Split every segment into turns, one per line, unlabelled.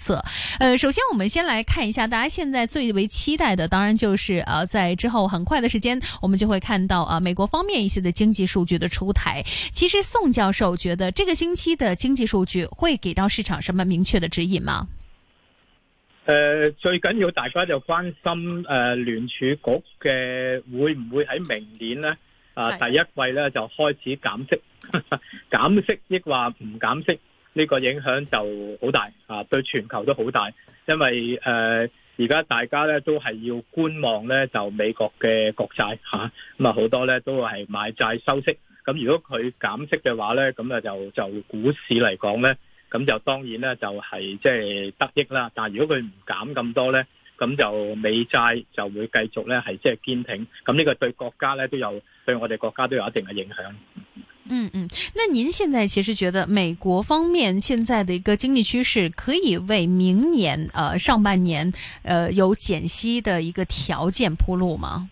色，呃，首先我們先來看一下，大家現在最為期待的，當然就是呃，在之後很快的時間，我們就會看到啊，美國方面一些的經濟數據的出台。其實宋教授覺得這個星期的經濟數據會給到市場什麼明確的指引嗎？
呃，最緊要大家就關心，呃，聯儲局嘅會唔會喺明年呢？啊、呃，第一季呢，就開始減息， 減息亦話唔減息？呢個影響就好大啊，對全球都好大，因為誒而家大家咧都係要觀望咧，就美國嘅國債吓，咁啊好多咧都係買債收息，咁如果佢減息嘅話咧，咁啊就就股市嚟講咧，咁就當然咧就係即係得益啦。但係如果佢唔減咁多咧，咁就美債就會繼續咧係即係堅挺，咁呢個對國家咧都有對我哋國家都有一定嘅影響。
嗯嗯，那您現在其實覺得美國方面現在的一個經濟趨勢，可以為明年，呃上半年，呃有減息的一個條件鋪路嗎？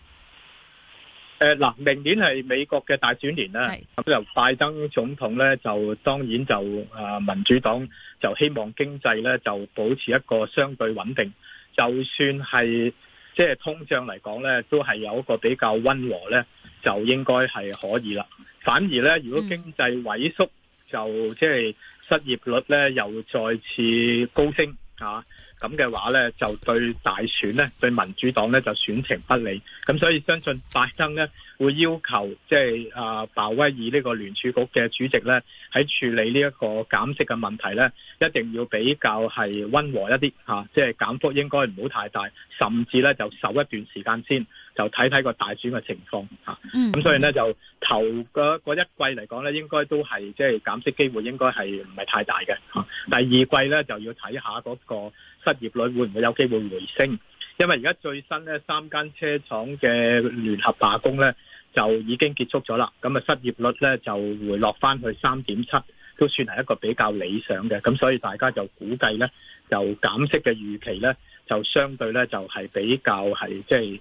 誒嗱、呃，明年係美國嘅大選年啦，咁由是拜登總統呢，就當然就誒、呃、民主黨就希望經濟呢就保持一個相對穩定，就算係即係通脹嚟講呢，都係有一個比較溫和呢。就應該係可以啦。反而咧，如果經濟萎縮，就即係、就是、失業率咧又再次高升吓。啊咁嘅話咧，就對大選咧，對民主黨咧就選情不利。咁所以相信拜登咧會要求，即係啊鮑威爾呢個聯儲局嘅主席咧喺處理呢一個減息嘅問題咧，一定要比較係溫和一啲嚇，即係減幅應該唔好太大，甚至咧就守一段時間先，就睇睇個大選嘅情況嚇，啊。嗯，咁所以咧就頭嗰一季嚟講咧，應該都係即係減息機會應該係唔係太大嘅，啊。第二季咧就要睇下嗰個。失業率會唔會有機會回升？因為而家最新咧三間車廠嘅聯合罷工咧就已經結束咗啦，咁啊失業率咧就回落翻去三點七，都算係一個比較理想嘅，咁所以大家就估計咧就減息嘅預期咧就相對咧就係、是、比較係即係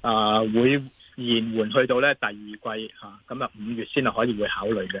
啊會延緩去到咧第二季吓，咁啊五月先係可以會考慮嘅。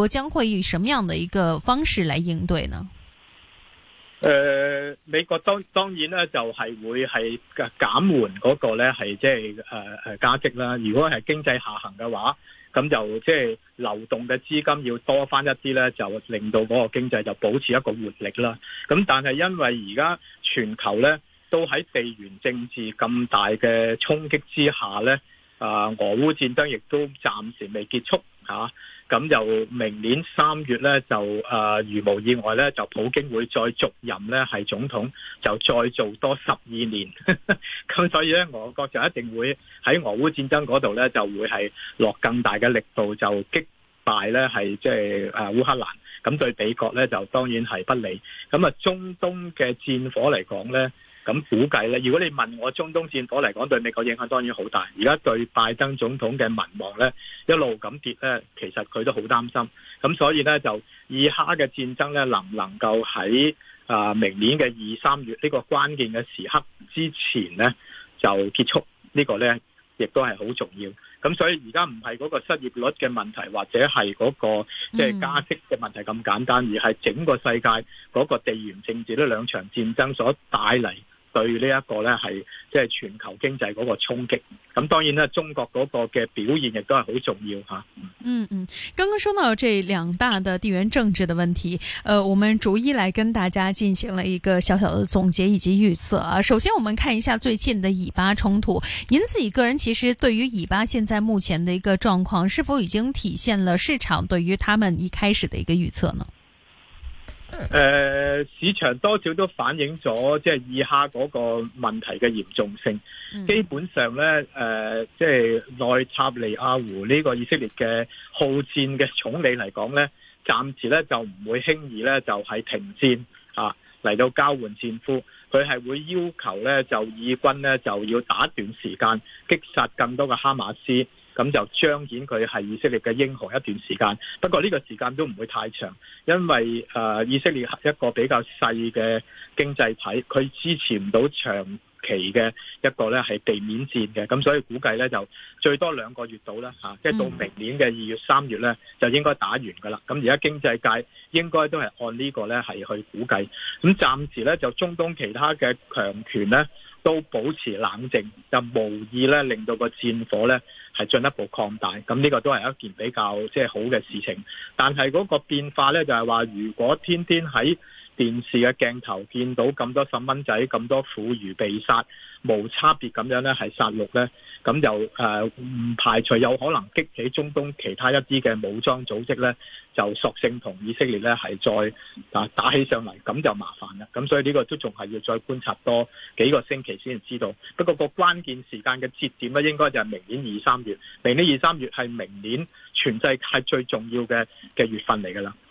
我將會以什麼樣的一個方式來應對呢？誒、
呃，美國當當然咧，是就係會係減緩嗰個咧，係即係誒誒加息啦。如果係經濟下行嘅話，咁就即係流動嘅資金要多翻一啲咧，就令到嗰個經濟就保持一個活力啦。咁但係因為而家全球咧都喺地緣政治咁大嘅衝擊之下咧，啊、呃、俄烏戰爭亦都暫時未結束。啊，咁就明年三月咧就啊，如無意外咧就普京會再續任咧係總統，就再做多十二年。咁所以咧，俄國就一定會喺俄烏戰爭嗰度咧就會係落更大嘅力度就擊敗咧係即係啊烏克蘭。咁對美國咧就當然係不利。咁啊中東嘅戰火嚟講咧。咁估計咧，如果你問我，中東戰火嚟講對美國影響當然好大。而家對拜登總統嘅民望咧一路咁跌咧，其實佢都好擔心。咁所以咧，就以哈嘅戰爭咧，能唔能夠喺啊明年嘅二三月呢個關鍵嘅時刻之前咧就結束，這個，呢個咧，亦都係好重要。咁所以而家唔係嗰個失業率嘅問題，或者係嗰個即係加息嘅問題咁簡單，而係整個世界嗰個地緣政治呢兩場戰爭所帶嚟。對呢一個呢，係即係全球經濟嗰個衝擊，咁當然啦，中國嗰個嘅表現亦都係好重要吓。嗯嗯，剛
剛說到這兩大的地緣政治的問題，呃，我們逐一來跟大家進行了一個小小的總結以及預測啊。首先，我們看一下最近的以巴衝突。您自己個人其實對於以巴現在目前的一個狀況，是否已經體現了市場對於他們一開始的一個預測呢？
誒、呃，市場多少都反映咗即係以哈嗰個問題嘅嚴重性。基本上咧，誒、呃，即、就、係、是、內塔尼亞胡呢個以色列嘅好戰嘅總理嚟講咧，暫時咧就唔會輕易咧就係停戰啊，嚟到交換戰俘，佢係會要求咧就以軍咧就要打一段時間，擊殺更多嘅哈馬斯。咁就彰顯佢係以色列嘅英雄一段時間，不過呢個時間都唔會太長，因為誒、呃、以色列係一個比較細嘅經濟體，佢支持唔到長期嘅一個呢係地面戰嘅，咁所以估計呢，就最多兩個月到啦嚇，即係到明年嘅二月三月呢，就應該打完噶啦。咁而家經濟界應該都係按呢個呢係去估計，咁暫時呢，就中東其他嘅強權呢。都保持冷靜，就無意咧令到個戰火咧係進一步擴大，咁呢個都係一件比較即係好嘅事情。但係嗰個變化咧就係話，如果天天喺電視嘅鏡頭見到咁多細蚊仔，咁多婦孺被殺，無差別咁樣咧，係殺戮咧，咁就誒唔排除有可能激起中東其他一啲嘅武裝組織咧，就索性同以色列咧係再啊打起上嚟，咁就麻煩啦。咁所以呢個都仲係要再觀察多幾個星期先知道。不過個關鍵時間嘅節點咧，應該就係明年二三月，明年二三月係明年全世界最重要嘅嘅月份嚟噶啦。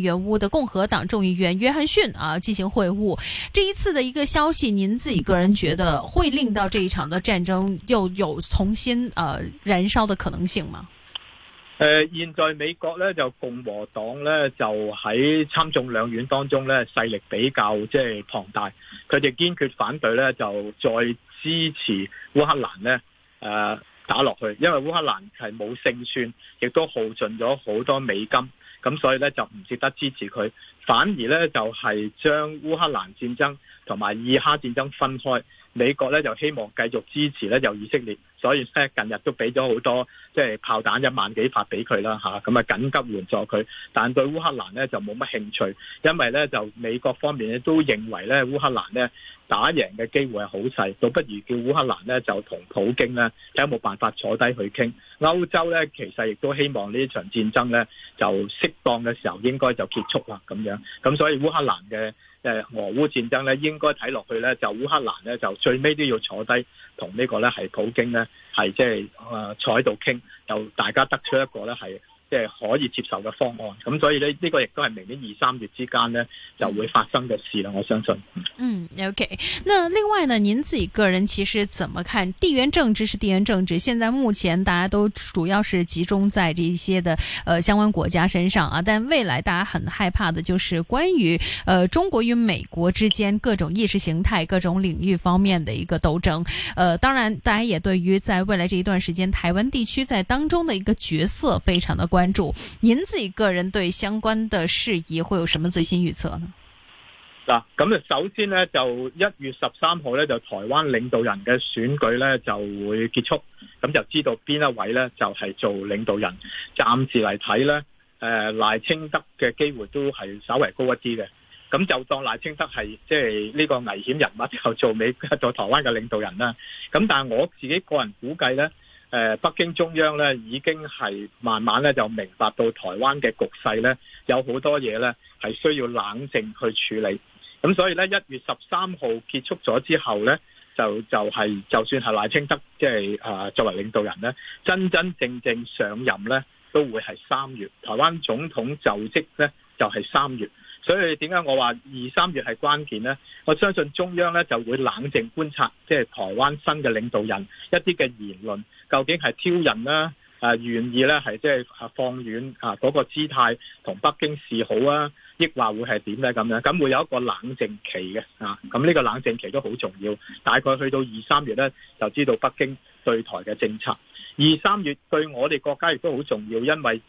原烏的共和黨眾議員約翰遜啊進行會晤。這一次的一個消息，您自己個人覺得會令到這一場的戰爭又有重新呃燃燒的可能性嗎？
誒、呃，現在美國咧就共和黨咧就喺參眾兩院當中咧勢力比較即係龐大，佢哋堅決反對咧就再支持烏克蘭誒、呃、打落去，因為烏克蘭係冇勝算，亦都耗盡咗好多美金。咁所以咧就唔值得支持佢，反而咧就係將烏克蘭戰爭同埋以哈戰爭分開。美國咧就希望繼續支持咧，由以色列，所以咧近日都俾咗好多即係炮彈一萬幾發俾佢啦，吓，咁啊，緊急援助佢。但對烏克蘭咧就冇乜興趣，因為咧就美國方面咧都認為咧烏克蘭咧打贏嘅機會係好細，倒不如叫烏克蘭咧就同普京咧睇有冇辦法坐低去傾。歐洲咧其實亦都希望呢場戰爭咧就適當嘅時候應該就結束啦，咁樣，咁所以烏克蘭嘅。誒俄烏戰爭咧，應該睇落去咧，就烏克蘭咧，就最尾都要坐低同呢個咧，係普京咧，係即係啊，坐喺度傾，就大家得出一個咧係。即係可以接受嘅方案，咁所以呢呢個亦都係明年二三月之間呢就會發生嘅
事啦，我相信。嗯，OK。那另外呢，您自己個人其實怎麼看地緣政治？是地緣政治，現在目前大家都主要是集中在這些的，呃，相關國家身上啊。但未來大家很害怕的，就是關於，呃，中國與美國之間各種意識形態、各種領域方面的一個鬥爭。呃，當然，大家也對於在未來這一段時間台灣地區在當中的一個角色非常的關關注您自己個人對相關的事宜會有什麼最新預測呢？
嗱，咁啊，首先呢，就一月十三號咧就台灣領導人嘅選舉咧就會結束，咁就知道邊一位咧就係、是、做領導人。暫時嚟睇咧，誒、呃、賴清德嘅機會都係稍微高一啲嘅，咁就當賴清德係即係呢個危險人物之後做美做台灣嘅領導人啦。咁但係我自己個人估計咧。北京中央咧已經係慢慢咧就明白到台灣嘅局勢咧，有好多嘢咧係需要冷靜去處理。咁所以咧，一月十三號結束咗之後咧，就就係就算係賴清德即係啊作為領導人咧，真真正正上任咧都會係三月，台灣總統就職咧就係三月。所以點解我話二三月係關鍵呢？我相信中央咧就會冷靜觀察，即、就、係、是、台灣新嘅領導人一啲嘅言論，究竟係挑釁啦、啊，誒、啊、願意咧係即係放軟啊嗰、那個姿態，同北京示好啊，抑或會係點咧咁樣？咁會有一個冷靜期嘅啊，咁呢個冷靜期都好重要。大概去到二三月咧，就知道北京對台嘅政策。二三月對我哋國家亦都好重要，因為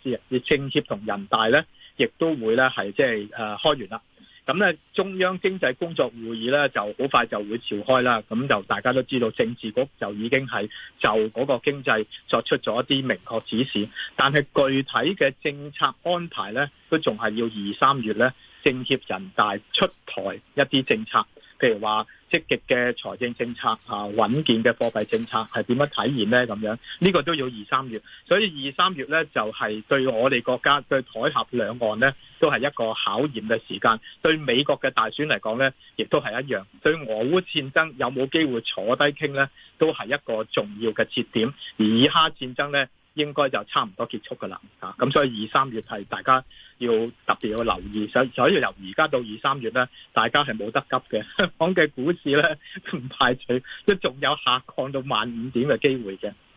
政協同人大咧。亦都會咧，係即係誒開完啦。咁咧，中央經濟工作會議咧，就好快就會召開啦。咁就大家都知道，政治局就已經係就嗰個經濟作出咗一啲明確指示，但係具體嘅政策安排咧，都仲係要二三月咧，政協、人大出台一啲政策。譬如話積極嘅財政政策嚇、啊、穩健嘅貨幣政策係點樣體現呢？咁樣呢、呢個都要二三月，所以二三月呢就係、是、對我哋國家對海峽兩岸呢都係一個考驗嘅時間，對美國嘅大選嚟講呢，亦都係一樣，對俄烏戰爭有冇機會坐低傾呢？都係一個重要嘅節點，而以哈戰爭呢。應該就差唔多結束㗎啦，吓，咁所以二三月係大家要特別要留意，所所以由而家到二三月咧，大家係冇得急嘅，香港嘅股市咧，唔排除都仲有下降到萬五點嘅機會嘅。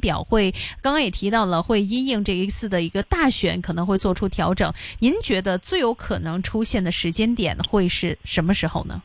表會剛剛也提到了會因應這一次的一個大選，可能會做出調整，您覺得最有可能出現的時間點會是什麼時候呢？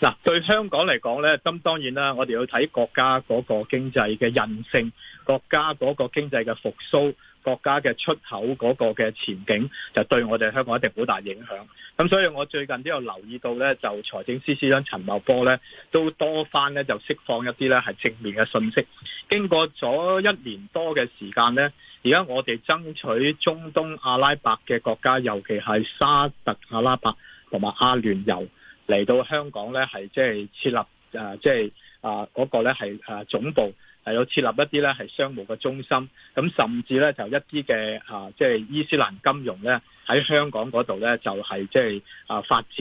嗱，對香港嚟講呢，咁當然啦，我哋要睇國家嗰個經濟嘅韌性，國家嗰個經濟嘅復甦。國家嘅出口嗰個嘅前景就對我哋香港一定好大影響。咁所以我最近都有留意到呢，就財政司司長陳茂波呢都多翻呢，就釋放一啲呢係正面嘅信息。經過咗一年多嘅時間呢，而家我哋爭取中東阿拉伯嘅國家，尤其係沙特阿拉伯同埋阿聯酋嚟到香港呢，係即係設立誒，即係啊嗰個呢係誒總部。係有設立一啲咧係商務嘅中心，咁甚至咧就一啲嘅啊，即係伊斯蘭金融咧喺香港嗰度咧就係即係啊發展，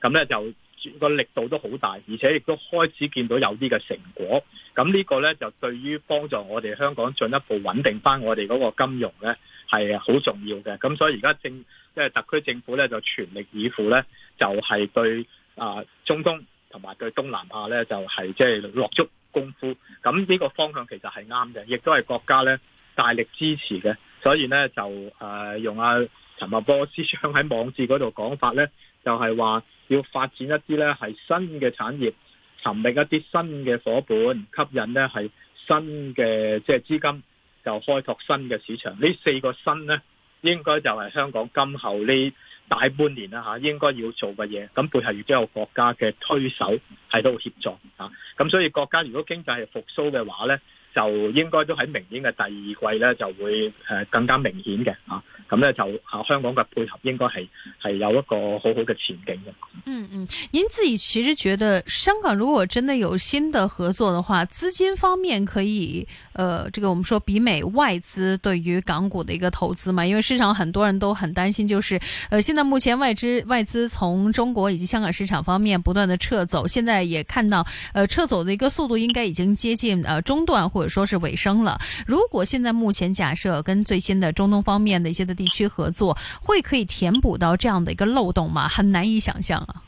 咁咧就個力度都好大，而且亦都開始見到有啲嘅成果。咁呢個咧就對於幫助我哋香港進一步穩定返我哋嗰個金融咧係好重要嘅。咁所以而家政即係特區政府咧就全力以赴咧，就係對啊中東同埋對東南亞咧就係即係落足。功夫。咁呢個方向其實係啱嘅，亦都係國家呢大力支持嘅，所以呢，就誒、呃、用阿陳茂波司長喺網誌嗰度講法呢，就係、是、話要發展一啲呢係新嘅產業，尋覓一啲新嘅伙伴，吸引呢係新嘅即係資金，就開拓新嘅市場。呢四個新呢，應該就係香港今後呢。大半年啦吓，應該要做嘅嘢，咁背後亦都有國家嘅推手喺度協助吓。咁所以國家如果經濟係復甦嘅話咧，就應該都喺明年嘅第二季呢，就會誒更加明顯嘅嚇，咁、啊、呢，就、啊、香港嘅配合應該係係有一個好好嘅前景嘅。嗯嗯，
您自己其實覺得香港如果真的有新的合作嘅話，資金方面可以，誒、呃，這個我們說比美外資對於港股嘅一個投資嘛，因為市場很多人都很擔心，就是誒、呃，現在目前外資外資從中國以及香港市場方面不斷地撤走，現在也看到誒、呃、撤走嘅一個速度應該已經接近誒、呃、中斷。或者說是尾聲了。如果現在目前假設跟最新的中東方面的一些的地區合作，會可以填補到這樣的一個漏洞嗎？很難以想象啊。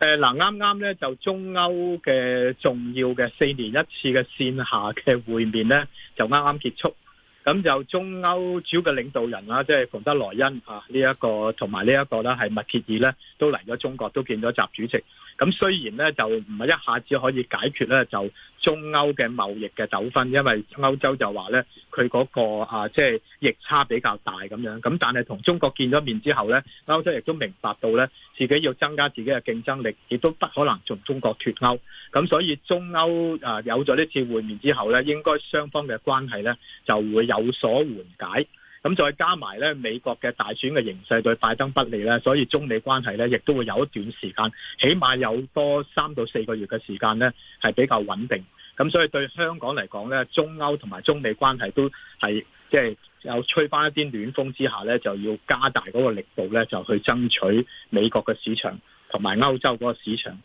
誒、
呃，嗱，啱啱咧就中歐嘅重要嘅四年一次嘅線下嘅會面咧，就啱啱結束。咁就中歐主要嘅領導人啦，即係馮德萊恩啊呢一、這個，同埋呢一個啦係米歇爾咧，都嚟咗中國，都見咗習主席。咁雖然咧就唔係一下子可以解決咧，就中歐嘅貿易嘅糾紛，因為歐洲就話咧佢嗰個啊即係逆差比較大咁樣，咁但係同中國見咗面之後咧，歐洲亦都明白到咧自己要增加自己嘅競爭力，亦都不可能從中國脱歐。咁所以中歐啊有咗呢次會面之後咧，應該雙方嘅關係咧就會有所緩解。咁再加埋咧，美國嘅大選嘅形勢對拜登不利咧，所以中美關係咧亦都會有一段時間，起碼有多三到四個月嘅時間咧，係比較穩定。咁所以對香港嚟講咧，中歐同埋中美關係都係即係有吹返一啲暖風之下咧，就要加大嗰個力度咧，就去爭取美國嘅市場同埋歐洲嗰個市場。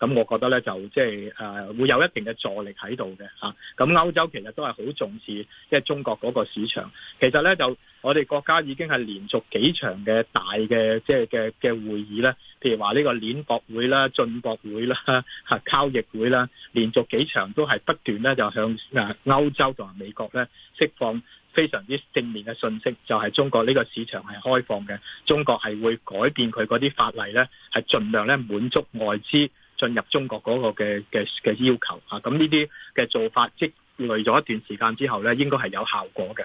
咁我覺得咧就即係誒，會有一定嘅助力喺度嘅吓。咁歐洲其實都係好重視，即係中國嗰個市場。其實咧就我哋國家已經係連續幾場嘅大嘅即係嘅嘅會議咧，譬如話呢個鏈博會啦、進博會啦、哈、啊、交易會啦，連續幾場都係不斷咧就向誒歐洲同埋美國咧釋放非常之正面嘅信息，就係中國呢個市場係開放嘅，中國係會改變佢嗰啲法例咧，係盡量咧滿足外資。進入中國嗰個嘅嘅嘅要求啊，咁呢啲嘅做法積累咗一段時間之後呢，應該係有效果嘅。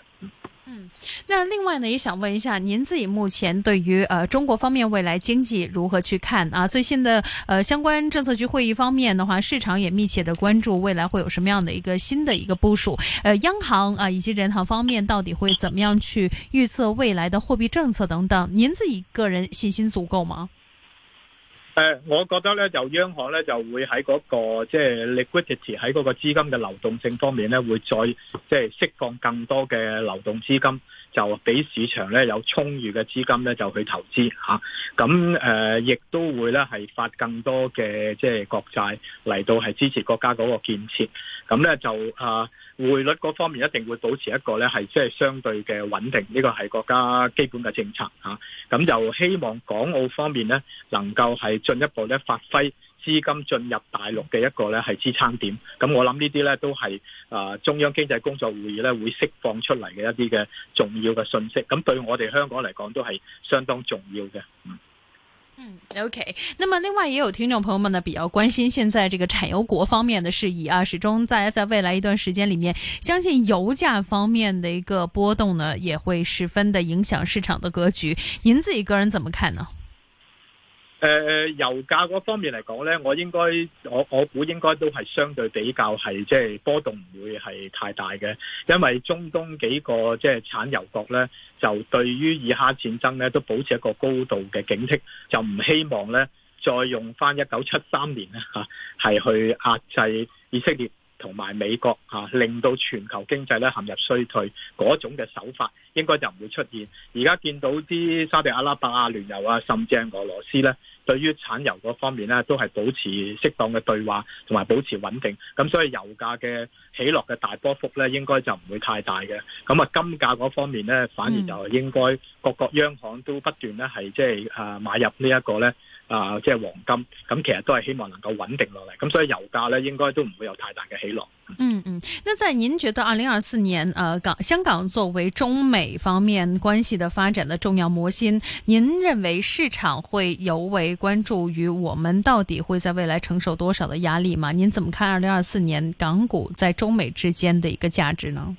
嗯，
那另外呢，也想問一下，您自己目前對於、呃、中國方面未來經濟如何去看啊？最新的、呃、相關政策局會議方面的話，市場也密切地關注未來會有什麼樣的一個新的一個部署？呃、央行啊、呃、以及人行方面到底會怎麼樣去預測未來的貨幣政策等等？您自己個人信心足夠嗎？
誒， 我覺得咧，就央行咧就會喺嗰個即係 liquidity 喺嗰個資金嘅流動性方面咧，會再即係釋放更多嘅流動資金。就俾市場咧有充裕嘅資金咧，就去投資嚇。咁誒，亦都會咧係發更多嘅即係國債嚟到係支持國家嗰個建設。咁咧就啊，匯率嗰方面一定會保持一個咧係即係相對嘅穩定，呢個係國家基本嘅政策嚇。咁就希望港澳方面咧能夠係進一步咧發揮。資金進入大陸嘅一個咧係支撐點，咁我諗呢啲咧都係誒、呃、中央經濟工作會議咧會釋放出嚟嘅一啲嘅重要嘅信息，咁對我哋香港嚟講都係相當重要嘅。嗯，
嗯，o、okay、k 那麼另外也有聽眾朋友們呢啊，比較關心現在這個產油國方面的事宜啊，始終大家在未來一段時間裏面，相信油價方面的一個波動呢，也會十分的影響市場的格局。您自己個人怎麼看呢？
誒誒、呃，油價嗰方面嚟講咧，我應該我我估應該都係相對比較係即係波動唔會係太大嘅，因為中東幾個即係產油國咧，就對於以哈戰爭咧都保持一個高度嘅警惕，就唔希望咧再用翻一九七三年咧吓係去壓制以色列。同埋美國嚇、啊，令到全球經濟咧陷入衰退嗰種嘅手法，應該就唔會出現。而家見到啲沙特阿拉伯啊、阿聯酋啊，甚至係俄羅斯咧，對於產油嗰方面咧，都係保持適當嘅對話，同埋保持穩定。咁所以油價嘅起落嘅大波幅咧，應該就唔會太大嘅。咁啊，金價嗰方面咧，反而就應該各國央行都不斷咧係即係啊買入這呢一個咧。啊、呃，即係黃金，咁其實都係希望能夠穩定落嚟，咁所以油價呢應該都唔會有太大嘅起落。嗯嗯，
那在您覺得二零二四年，港、呃、香港作為中美方面關係的發展的重要核心，您認為市場會尤為關注於我們到底會在未來承受多少的壓力嗎？您怎麼看二零二四年港股在中美之間的一個價值呢？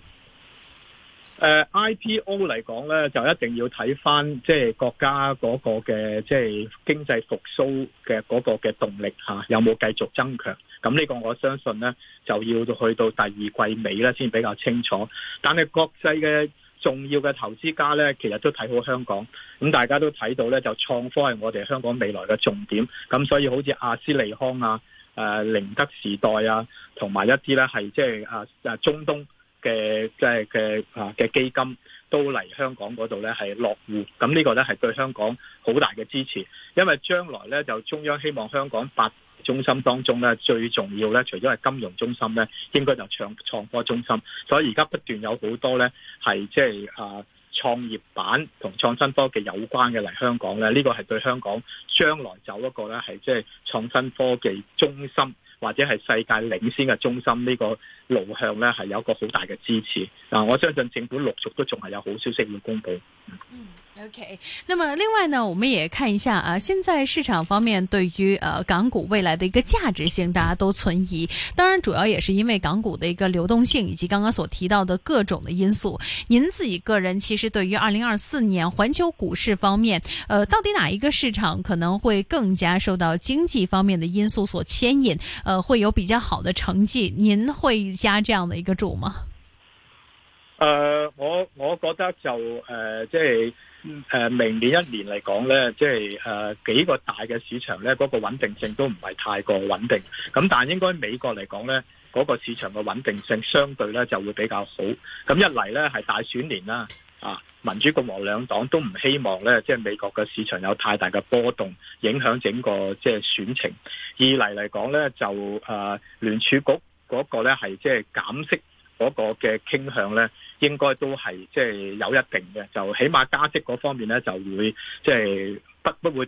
誒、uh, IPO 嚟講咧，就一定要睇返即係國家嗰個嘅即係經濟復甦嘅嗰個嘅動力，啊、有冇繼續增強，咁呢個我相信咧，就要去到第二季尾咧先比較清楚。但係國際嘅重要嘅投資家咧，其實都睇好香港。咁大家都睇到咧，就創科係我哋香港未來嘅重點。咁所以好似阿斯利康啊、誒、呃、寧德時代啊，同埋一啲咧係即係啊中東，嘅即係嘅啊嘅基金都嚟香港嗰度咧，係落戶。咁呢個咧係對香港好大嘅支持，因為將來咧就中央希望香港八中心當中咧最重要咧，除咗係金融中心咧，應該就創創科中心。所以而家不斷有好多咧係即係啊創業板同創新科技有關嘅嚟香港咧，呢個係對香港將來走一個咧係即係創新科技中心或者係世界領先嘅中心呢個路向呢係有一個好大嘅支持，啊，我相信政府陸續續都仲係有好消息要公布。
嗯，OK，那麼另外呢，我們也看一下啊，現在市場方面對於，呃、港股未來的一個價值性，大家都存疑。當然，主要也是因為港股的一個流動性，以及剛剛所提到的各種的因素。您自己個人其實對於二零二四年環球股市方面，呃，到底哪一個市場可能會更加受到經濟方面的因素所牽引？呃，會有比較好的成績？您會？加這樣的一個主嗎？
誒、呃，我我覺得就誒、呃，即係誒、呃，明年一年嚟講咧，即係誒、呃、幾個大嘅市場咧，嗰、那個穩定性都唔係太過穩定。咁但係應該美國嚟講咧，嗰、那個市場嘅穩定性相對咧就會比較好。咁一嚟咧係大選年啦，啊，民主共和兩黨都唔希望咧，即係美國嘅市場有太大嘅波動，影響整個即係選情。二嚟嚟講咧，就誒、呃、聯儲局。嗰個咧係即係減息嗰個嘅傾向咧，應該都係即係有一定嘅，就起碼加息嗰方面咧就會即係不不會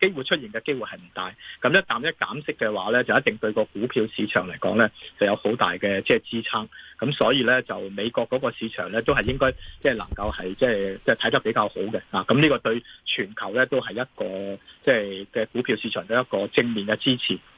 機會出現嘅機會係唔大。咁一旦一減息嘅話咧，就一定對個股票市場嚟講咧就有好大嘅即係支撐。咁所以咧就美國嗰個市場咧都係應該即係能夠係即係即係睇得比較好嘅啊。咁呢個對全球咧都係一個即係嘅股票市場一個正面嘅支持。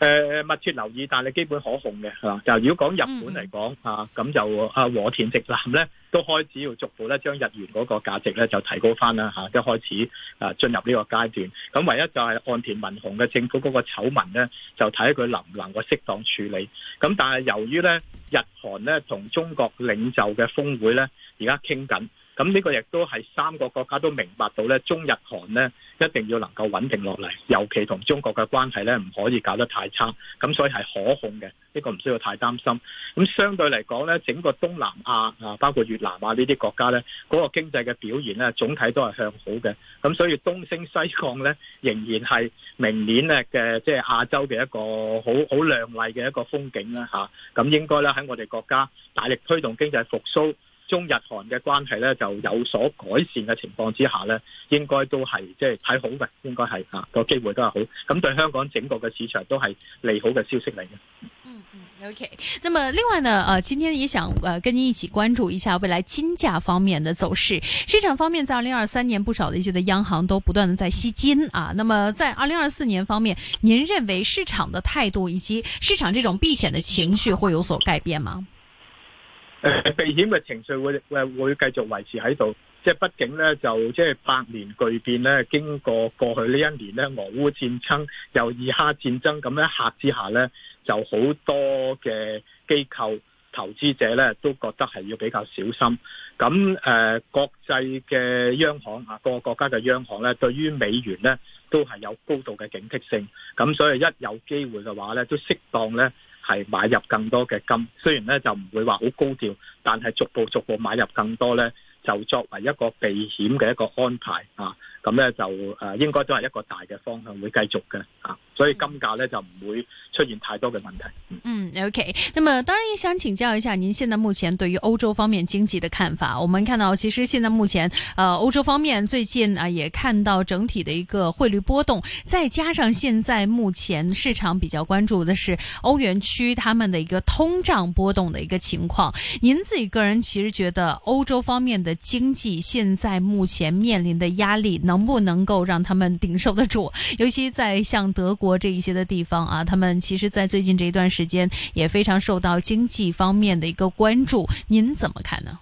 誒、呃，密切留意，但係基本可控嘅，係、啊、嘛。就如果講日本嚟講，吓、啊、咁就和田直男咧，都開始要逐步咧將日元嗰個價值咧就提高翻啦，吓、啊、一開始啊進入呢個階段。咁、啊、唯一就係岸田文雄嘅政府嗰個醜聞咧，就睇佢能唔能夠適當處理。咁、啊、但係由於咧日韓咧同中國領袖嘅峰會咧，而家傾緊。咁呢個亦都係三個國家都明白到，呢中日韓呢一定要能夠穩定落嚟，尤其同中國嘅關係呢唔可以搞得太差，咁所以係可控嘅，呢個唔需要太擔心。咁相對嚟講呢，整個東南亞啊，包括越南啊呢啲國家呢，嗰個經濟嘅表現呢總體都係向好嘅。咁所以東升西降呢，仍然係明年呢嘅即係亞洲嘅一個好好亮麗嘅一個風景啦，吓。咁應該呢喺我哋國家大力推動經濟復甦。中日韓嘅關係呢，就有所改善嘅情況之下呢，應該都係即係睇好嘅，應該係啊、那個機會都係好。咁對香港整個嘅市場都係利好嘅消息嚟嘅，嗯。嗯
嗯，OK。那麼另外呢，呃今天也想呃跟您一起關注一下未來金價方面嘅走勢。市場方面，在二零二三年不少的一些的央行都不斷地在吸金啊。那麼在二零二四年方面，您認為市場的態度以及市場這種避險的情緒會有所改變嗎？
誒、呃，避險嘅情緒會會會繼續維持喺度，即係畢竟咧，就即係百年巨變咧，經過過去呢一年咧，俄烏戰爭、以哈戰爭咁樣吓之下咧，就好多嘅機構投資者咧，都覺得係要比較小心。咁誒、呃，國際嘅央行啊，各個國家嘅央行咧，對於美元咧，都係有高度嘅警惕性。咁所以一有機會嘅話咧，都適當咧。係買入更多嘅金，雖然咧就唔會話好高調，但係逐步逐步買入更多咧，就作為一個避險嘅一個安排啊。咁咧就誒，應該都係一個大嘅方向會繼續嘅啊，所以金價咧就唔會出現太多嘅問
題。嗯，OK。那麼當然也想請教一下，您現在目前對於歐洲方面經濟的看法？我們看到，其實現在目前，呃，歐洲方面最近啊，也看到整體的一個匯率波動，再加上現在目前市場比較關注的是歐元區他們的一個通脹波動的一個情況。您自己個人其實覺得歐洲方面的經濟現在目前面臨的壓力能？能不能夠讓他們頂受得住？尤其在像德國這一些的地方啊，他們其實，在最近這一段時間也非常受到經濟方面的一個關注。您怎麼看呢？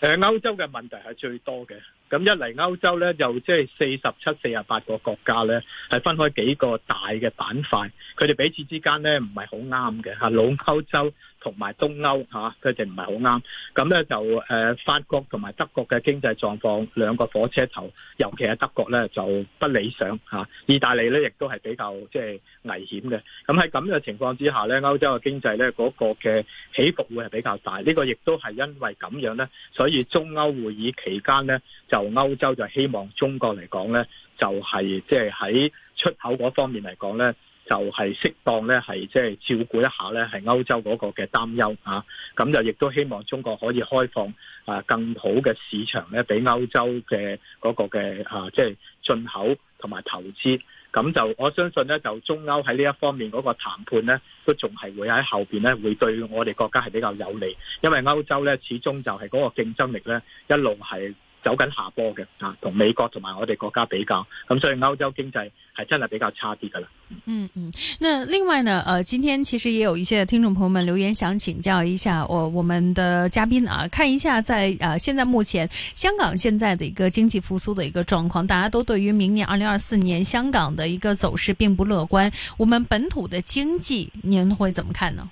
呃，歐洲嘅問題係最多嘅，咁一嚟歐洲咧就即係四十七、四十八個國家咧係分開幾個大嘅板塊，佢哋彼此之間咧唔係好啱嘅吓，老歐洲。同埋東歐，佢哋唔係好啱。咁、啊、咧就誒、啊、法國同埋德國嘅經濟狀況，兩個火車頭，尤其係德國咧就不理想、啊、意大利咧亦都係比較即係、就是、危險嘅。咁喺咁嘅情況之下咧，歐洲嘅經濟咧嗰、那個嘅起伏會係比較大。呢、這個亦都係因為咁樣咧，所以中歐會議期間咧，就歐洲就希望中國嚟講咧，就係即係喺出口嗰方面嚟講咧。就係適當咧，係即係照顧一下咧、啊，係歐洲嗰個嘅擔憂嚇。咁就亦都希望中國可以開放啊更好嘅市場咧，俾歐洲嘅嗰個嘅啊即係進口同埋投資。咁就我相信咧，就中歐喺呢一方面嗰個談判咧，都仲係會喺後面咧，會對我哋國家係比較有利。因為歐洲咧，始終就係嗰個競爭力咧，一路係。走緊下坡嘅啊，同美國同埋我哋國家比較，咁、啊、所以歐洲經濟係真係比較差啲噶啦。嗯
嗯，那另外呢，誒、呃，今天其實也有一些聽眾朋友們留言，想請教一下我、哦、我們的嘉賓啊，看一下在啊，現在目前香港現在的一個經濟復甦的一個狀況，大家都對於明年二零二四年香港的一個走勢並不樂觀。我們本土的經濟，您會怎麼看呢？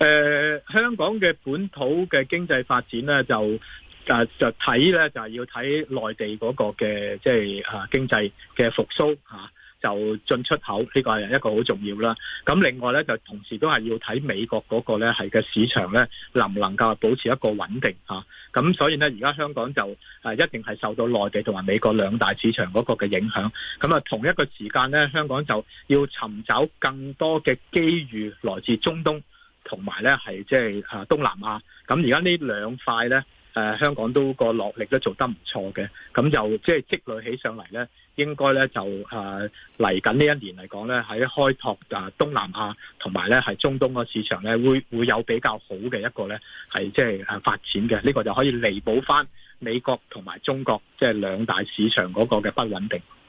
誒、
呃，香港嘅本土嘅經濟發展呢就。就就要地個就是、啊！就睇咧，就係要睇內地嗰個嘅即係啊經濟嘅復甦嚇、啊，就進出口呢、呢個係一個好重要啦。咁另外咧，就同時都係要睇美國嗰個咧係嘅市場咧，能唔能夠保持一個穩定嚇？咁、啊、所以咧，而家香港就係一定係受到內地同埋美國兩大市場嗰個嘅影響。咁啊，同一個時間咧，香港就要尋找更多嘅機遇來自中東同埋咧係即係東南亞。咁而家呢兩塊咧。誒、呃、香港都個落力都做得唔錯嘅，咁就即係積累起上嚟呢，應該呢就誒嚟緊呢一年嚟講呢，喺開拓誒、呃、東南亞同埋呢係中東個市場呢，會會有比較好嘅一個呢係即係誒發展嘅，呢、這個就可以彌補翻美國同埋中國即係兩大市場嗰個嘅不穩定。